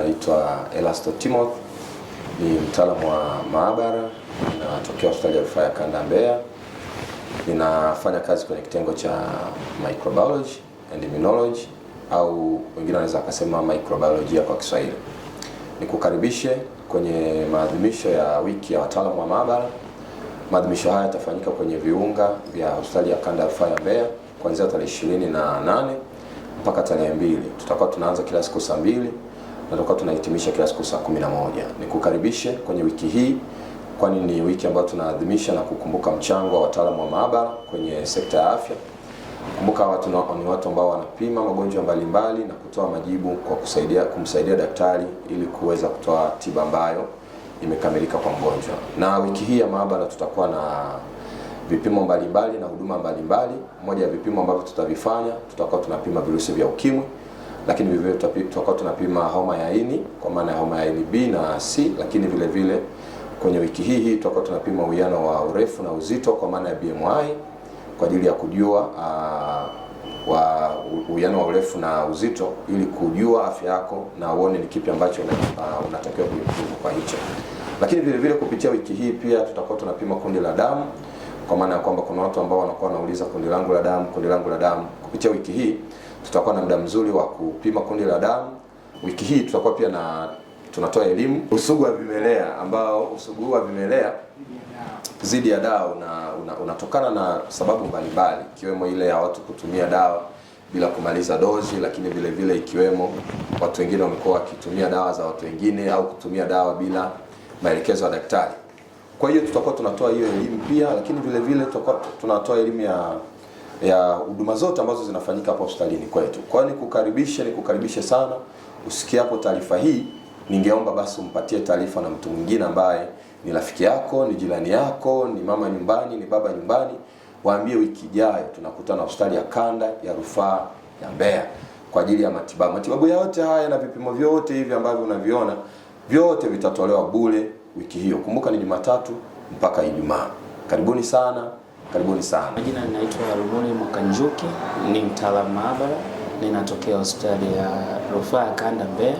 anaitwa Elasto Timoth, ni mtaalamu wa maabara, natokea hospitali ya rufaa ya Kanda Mbeya. Ninafanya kazi kwenye kitengo cha microbiology and immunology, au wengine wanaweza wakasema microbiolojia kwa Kiswahili. Nikukaribishe kwenye maadhimisho ya wiki ya wataalamu wa maabara. Maadhimisho haya yatafanyika kwenye viunga vya hospitali ya Kanda ya Rufaa ya Mbeya kuanzia tarehe ishirini na nane mpaka tarehe mbili. Tutakuwa tunaanza kila siku saa mbili na tutakuwa tunahitimisha kila siku saa 11. Nikukaribishe kwenye wiki hii, kwani ni wiki ambayo tunaadhimisha na kukumbuka mchango wa wataalamu wa maabara kwenye sekta ya afya. Kumbuka watu ni watu ambao wanapima magonjwa mbalimbali na kutoa majibu kwa kusaidia kumsaidia daktari ili kuweza kutoa tiba ambayo imekamilika kwa mgonjwa. Na wiki hii ya maabara tutakuwa na vipimo mbalimbali na huduma mbalimbali. Moja ya vipimo ambavyo tutavifanya, tutakuwa tunapima virusi vya ukimwi lakini vile vile tutakuwa tunapima homa ya ini kwa maana ya homa ya ini B na C, lakini vile vile kwenye wiki hii hii tutakuwa tunapima uwiano wa urefu na uzito kwa maana ya BMI kwa ajili ya kujua uh, wa uwiano wa urefu na uzito ili kujua afya yako na uone ni kipi ambacho ah, unatakiwa uh, unatakiwa kwa hicho. Lakini vile vile kupitia wiki hii pia tutakuwa tunapima kundi la damu kwa maana ya kwamba kuna watu ambao wanakuwa wanauliza kundi langu la damu, kundi langu la damu. Kupitia wiki hii tutakuwa na muda mzuri wa kupima kundi la damu. Wiki hii tutakuwa pia na tunatoa elimu usugu wa vimelea, ambao usugu wa vimelea zidi ya dawa una, unatokana una na sababu mbalimbali ikiwemo ile ya watu kutumia dawa bila kumaliza dozi, lakini vile vile ikiwemo watu wengine wamekuwa wakitumia dawa za watu wengine au kutumia dawa bila maelekezo ya daktari. Kwa hiyo tutakuwa tunatoa hiyo elimu pia, lakini vile vile tutakuwa tunatoa elimu ya ya huduma zote ambazo zinafanyika hapa hospitalini kwetu. Kwa hiyo nikukaribishe, nikukaribishe sana. hapo taarifa hii, ningeomba basi umpatie taarifa na mtu mwingine ambaye ni rafiki yako, ni jirani yako, ni mama nyumbani, ni baba nyumbani, waambie wiki ijayo tunakutana hospitali ya kanda ya rufaa ya Mbeya kwa ajili ya matibabu. Matibabu yote haya na vipimo vyote hivi ambavyo unaviona vyote vitatolewa bure wiki hiyo. Kumbuka ni Jumatatu mpaka Ijumaa. Karibuni sana. Karibuni sana. Majina ninaitwa Rumuli Mwakanjuki, ni mtaalamu maabara, ninatokea hospitali ya rufaa ya kanda Mbeya.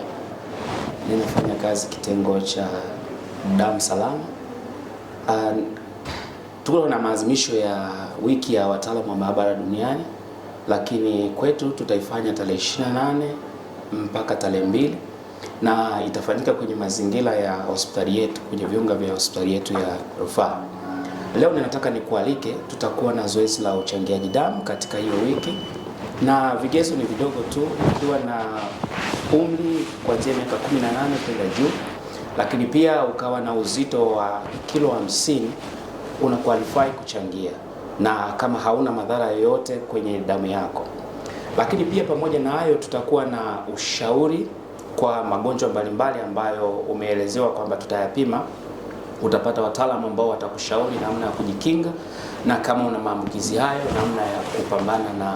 Ninafanya kazi kitengo cha damu salama. Uh, tuko na maazimisho ya wiki ya wataalamu wa maabara duniani, lakini kwetu tutaifanya tarehe 28 mpaka tarehe mbili na itafanyika kwenye mazingira ya hospitali yetu, kwenye viunga vya hospitali yetu ya rufaa. Leo ninataka nikualike, tutakuwa na zoezi la uchangiaji damu katika hiyo wiki, na vigezo ni vidogo tu, ukiwa na umri kuanzia miaka 18 kwenda juu, lakini pia ukawa na uzito wa kilo 50 una qualify kuchangia, na kama hauna madhara yoyote kwenye damu yako. Lakini pia pamoja na hayo, tutakuwa na ushauri kwa magonjwa mbalimbali ambayo umeelezewa kwamba tutayapima Utapata wataalamu ambao watakushauri namna ya kujikinga, na kama una maambukizi hayo, namna ya kupambana na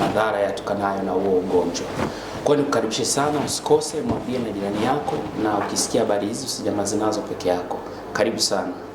madhara yatokanayo na huo ugonjwa. Kwa hiyo nikukaribishe sana, usikose, mwambie na jirani yako, na ukisikia habari hizi usijamaze nazo peke yako. Karibu sana.